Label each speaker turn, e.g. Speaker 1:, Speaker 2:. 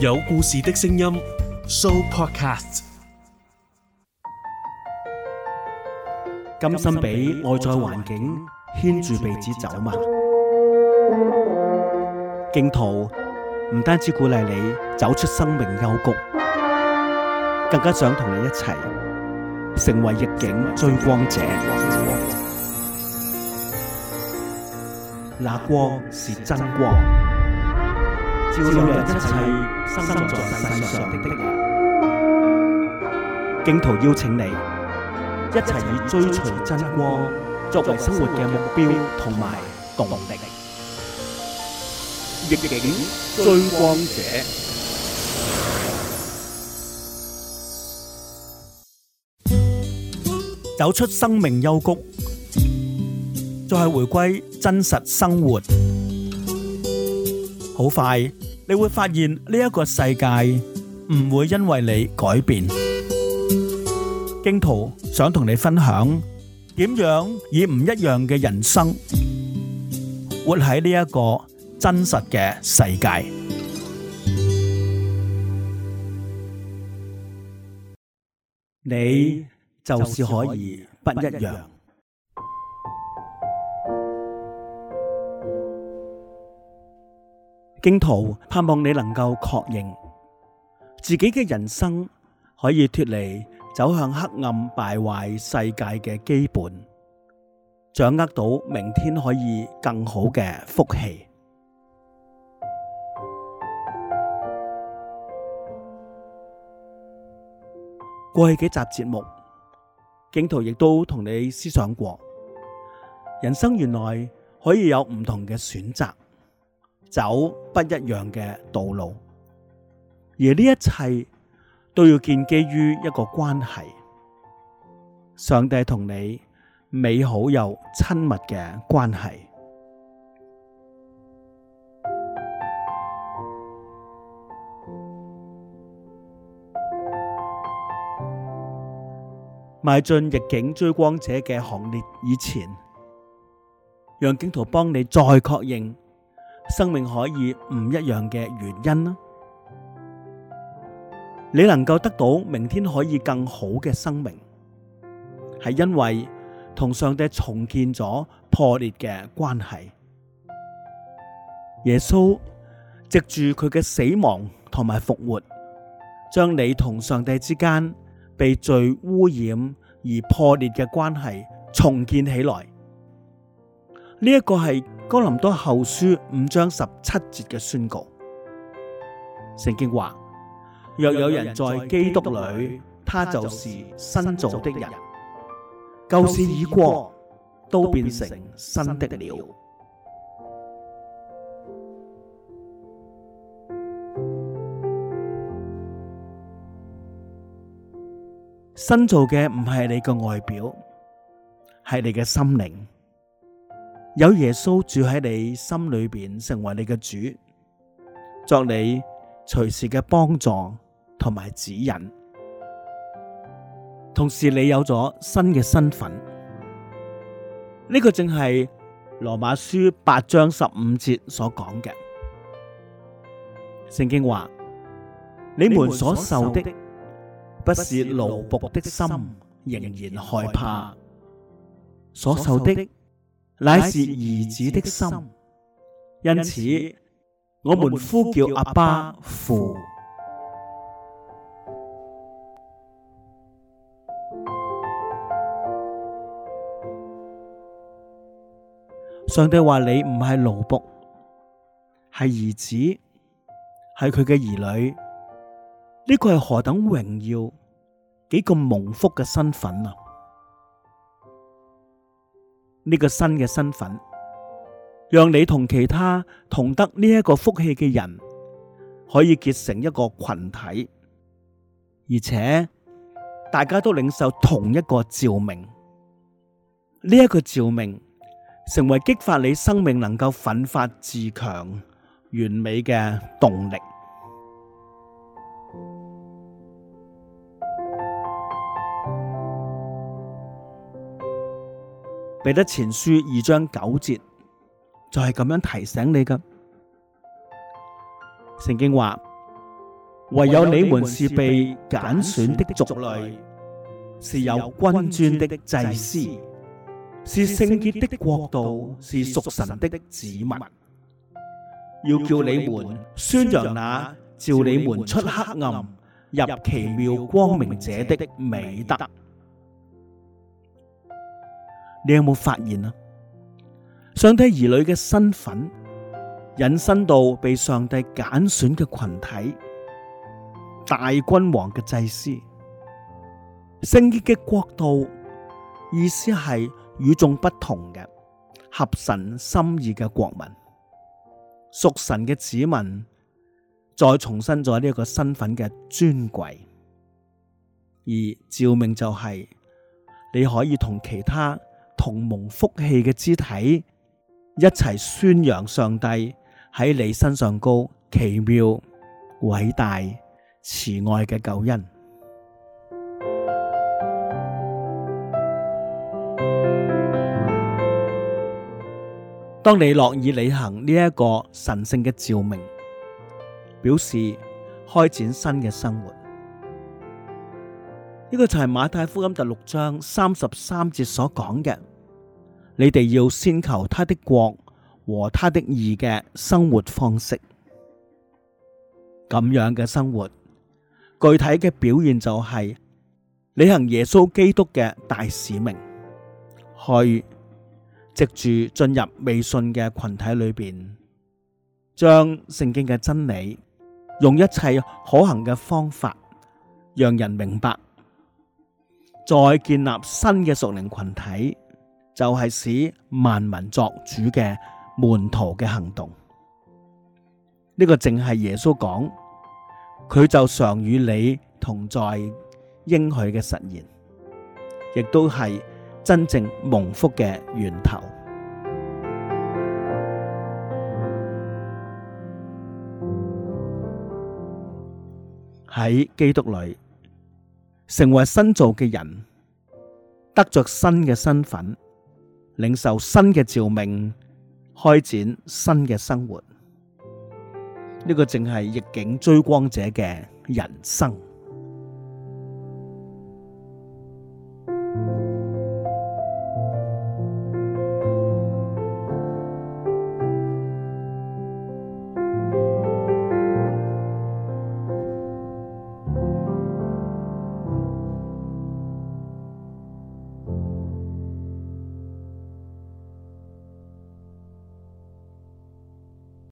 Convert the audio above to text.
Speaker 1: 有故事的聲音，So Podcast。甘心俾外在環境牽住鼻子走嗎？荊徒唔單止鼓勵你走出生命幽谷，更加想同你一齊成為逆境追光者。那光是真光。照亮一切生在世上的人，荊徒邀請你一齊以追隨真光作為生活嘅目標同埋動力。逆境追光者，走出生命幽谷，就係回歸真實生活。好快，你會發現呢一個世界唔會因為你改變。荊徒想同你分享，點樣以唔一樣嘅人生，活喺呢一個真實嘅世界，你就是可以不一樣。荊徒盼望你能夠確認自己嘅人生可以脫離走向黑暗敗壞世界嘅基本，掌握到明天可以更好嘅福氣。過去幾集節目，荊徒亦都同你思想過，人生原來可以有唔同嘅選擇。走不一樣嘅道路，而呢一切都要建基於一個關係，上帝同你美好又親密嘅關係。邁進逆境追光者嘅行列以前，讓荊徒幫你再確認。生命可以唔一樣嘅原因啦，你能夠得到明天可以更好嘅生命，係因為同上帝重建咗破裂嘅關係。耶穌藉住佢嘅死亡同埋復活，將你同上帝之間被罪污染而破裂嘅關係重建起來。呢、這、一個係。哥林多後書五章十七節嘅宣告，聖經話，若有人在基督裡，他就是新造的人，舊事已過，都變成新的了。新造嘅唔係你個外表，係你嘅心靈。有耶穌住喺你心裏邊，成為你嘅主，作你隨時嘅幫助同埋指引。同時，你有咗新嘅身份，呢、這個正係羅馬書八章十五節所講嘅。聖經話：
Speaker 2: 你們所受的
Speaker 1: 不是奴僕的心，的心仍然害怕，所受的。乃是兒子的心，因此我們呼叫阿爸父。上帝話你唔係奴僕，係兒子，係佢嘅兒女。呢、這個係何等榮耀，幾咁蒙福嘅身份啊！呢個新嘅身份，讓你同其他同得呢一個福氣嘅人，可以結成一個群體，而且大家都領受同一個召命。呢、這、一個召命，成為激發你生命能夠奮發自強、完美嘅動力。彼得前書二章九節就係、是、咁樣提醒你嘅。聖經話：唯有你們是被揀選的族類，是有君尊的祭司，是聖潔的國度，是屬神的子民。要叫你們宣揚那、啊、召你們出黑暗入奇妙光明者的美德。你有冇發現啊？上帝兒女嘅身份引申到被上帝揀選嘅群體，大君王嘅祭司，聖潔嘅國度，意思係與眾不同嘅合神心意嘅國民，屬神嘅子民，再重申咗呢一個身份嘅尊貴，而召命就係、是、你可以同其他。同蒙福氣嘅肢體一齊宣揚上帝喺你身上高奇妙偉大慈愛嘅救恩。當你樂意履行呢一個神聖嘅召命，表示開展新嘅生活。呢個就係馬太福音第六章三十三節所講嘅。你哋要先求他的國和他的義嘅生活方式，咁樣嘅生活，具體嘅表現就係、是、履行耶穌基督嘅大使命，去藉住進入未信嘅群體裏邊，將聖經嘅真理用一切可行嘅方法讓人明白，再建立新嘅屬靈群體。就係使萬民作主嘅門徒嘅行動，呢、這個淨係耶穌講，佢就常與你同在，應許嘅實現，亦都係真正蒙福嘅源頭喺基督裏成為新造嘅人，得着新嘅身份。領受新嘅召命，開展新嘅生活。呢、這個正係逆境追光者嘅人生。